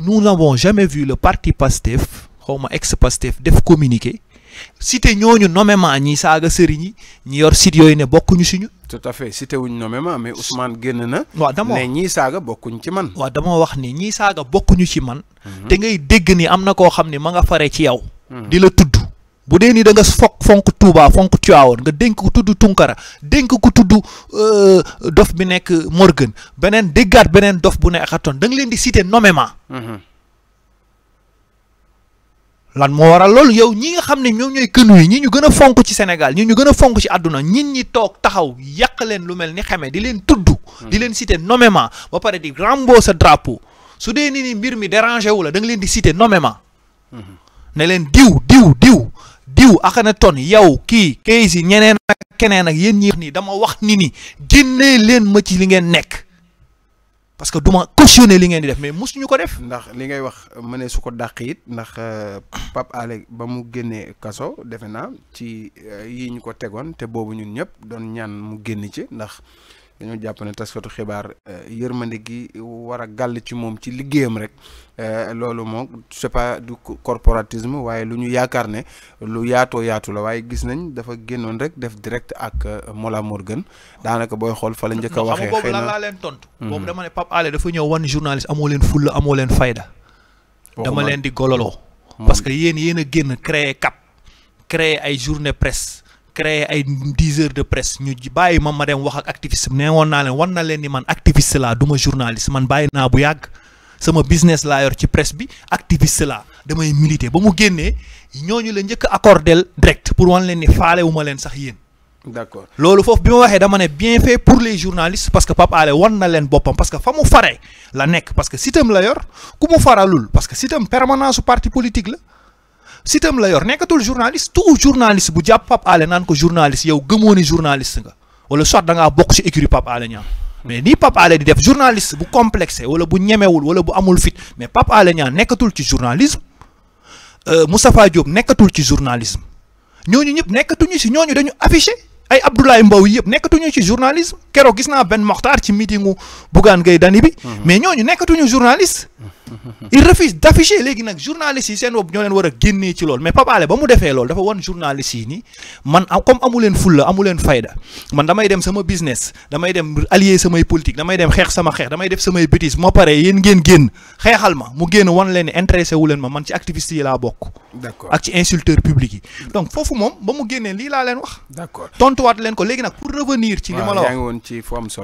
nous n'avons jamais vu le parti PASTEF xawma ex-PASTEF def communiquer cité ñooñu nommément ñi saga serigne ñi yor site yoy ne bokkuñu si ñu. tout à fait cité wuñ nommément mais Ousmane génn na. waaw dama ne ñii saaga bokkuñ ci man. Wa dama wax ni ñii saaga bokkuñu ci man. Mhm. té ngay dégg ni amna ko xamni ma nga faré ci yow. Mhm. di la bu dee nii danga nga fokk fonk Touba fonk Tivaouane nga dénk ko tudd Tunkara dénk ko tudd euh, dof bi nekk Morgan beneen déggaat beneen dof bu ne Akhenaton da leen di citer nommément. Mhm. lan moo waral loolu yow ñi nga xam ne ñoom ñooy kënu yi ñi ñu gën fonk ci Sénégal ñi ñu gën a fonk ci àdduna ñit ñi toog taxaw yàq leen lu mel ni xeme di leen tudd. Mhm. di leen citer ba pare di rambo sa drapeau su dee ni ni mbir mi dérangé wu la da leen di citer nommément. Mhm. ne leen diw diw diw diw ton yow kii Keysi ñeneen ak keneen ak yéen ñi wax nii dama wax ni ni génnee leen ma ci li ngeen nekk parce que duma cautionner li ngeen di def mais mosuñu ko def. ndax li ngay wax ma ne su ko dàq yit ndax euh, Pape ale ba mu génnee kaso defe naa ci euh, yi ñu ko tegoon te boobu ñun ñëpp doon ñaan mu génn ci ndax. dañoo jàpp ne taskatu xibaar euh, yërmande gi war a gàll ci moom ci liggéeyam rek euh, loolu moom c'est pas du corporatisme waaye lu ñu yaakaar ne lu yaatoo yaatu la waaye gis nañ dafa génnoon rek def direct ak euh, Mola Morgan daanaka booy xool fa la njëkk a waxee xëy na lan laa leen tontu. Mhm. boobu dama ne Pape Alé dafa ñëw wan journaliste amoo leen fulla amoo leen fayda. dama leen di gololoo. parce que yéen yéen a génn créer cap créer ay journée presse. créer ay dix heures de presse ñu bàyyi ma ma dem wax ak activiste nee woon naa leen wan na leen ni man activiste laa du ma man bàyyi naa bu yàgg sama business laa yor ci presse bi activiste laa damay militer ba mu génnee ñoo ñu la njëkk a accordel direct pour wan leen ni faale wu leen sax yéen. d'accord loolu foofu bi ma waxee dama ne bien fait pour les journalistes parce que Pape wan na leen boppam parce que fa mu fare la nekk parce que sitam la yor ku mu faralul parce que sitam permanence su parti politique la. sitam la yor nekkatul journaliste tout journaliste bu jàpp Pape naan ko journaliste yow gëmoo ni journaliste nga wala soit da bokk ci écurie Pape Alé mais ni Pape di def journaliste bu complexé wala bu ñemewul wala bu amul fit mais Pape Alé Niang nekkatul ci journalisme euh, Moustapha Diop nekkatul ci journalisme ñooñu ñëpp nekkatuñu si ñoo ñu dañu affiché ay Abdoulaye Mbow yëpp nekkatuñu ci journalisme keroog gis naa benn moxtaar ci meetingu Bougane Gueye Dany bi mhm. mais ñooñu nekkatuñu journaliste il refuse d'afficher léegi nak journaliste yi seen bopp ñoo leen war a génnee ci loolu mais Pape Alé ba mu defee loolu dafa journaliste ni man comme amu full fulla amu leen fayda man damay dem sama business damay dem allier samay politique damay dem xeex sama xeex damay def samay bêtise ma pare yéen ngeen génn xeexal ma mu génn gain leen ni intéressé wu leen ma man ci activiste yi laa bokk ak ci insulteur public yi donc foofu moom ba mu génnee lii laa leen wax d'accord tontuwaat leen ko léegi nag pour revenir ci li ma la wax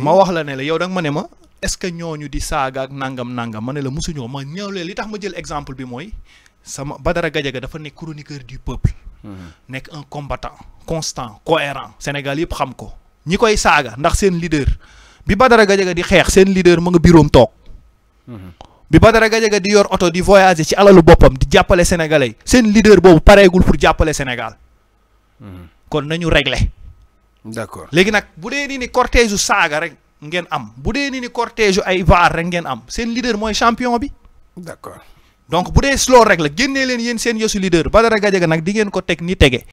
ma wax la ne la yow da nga ma est-ce que ñu di saaga ak nangam nangam ma ne la mosuñu ko ma ñëw leen li tax ma jël exemple bi mooy sama Badara Gadiaga dafa nekk chroniqueur du peuple. Mhm. nekk un combattant constant cohérent Sénégal yëpp xam ko ñi koy saaga ndax seen leader bi Badara Gadiaga di xeex seen leader mu nga biroom toog. Mhm. bi Badara Gadiaga di yor oto di voyager ci alalu boppam di jàppale sénégalais seen leader boobu pareegul pour jàppale Sénégal. Mhm. kon nañu régler. d'accord léegi nag bu dee rek. ngeen am bu dee ni ni cortège ay vaar rek ngeen am seen leader mooy champion bi. d'accord donc bu dee slow rek la génnee leen yéen seen yosu leader Badara Gadiaga nag di ngeen ko teg ni tege.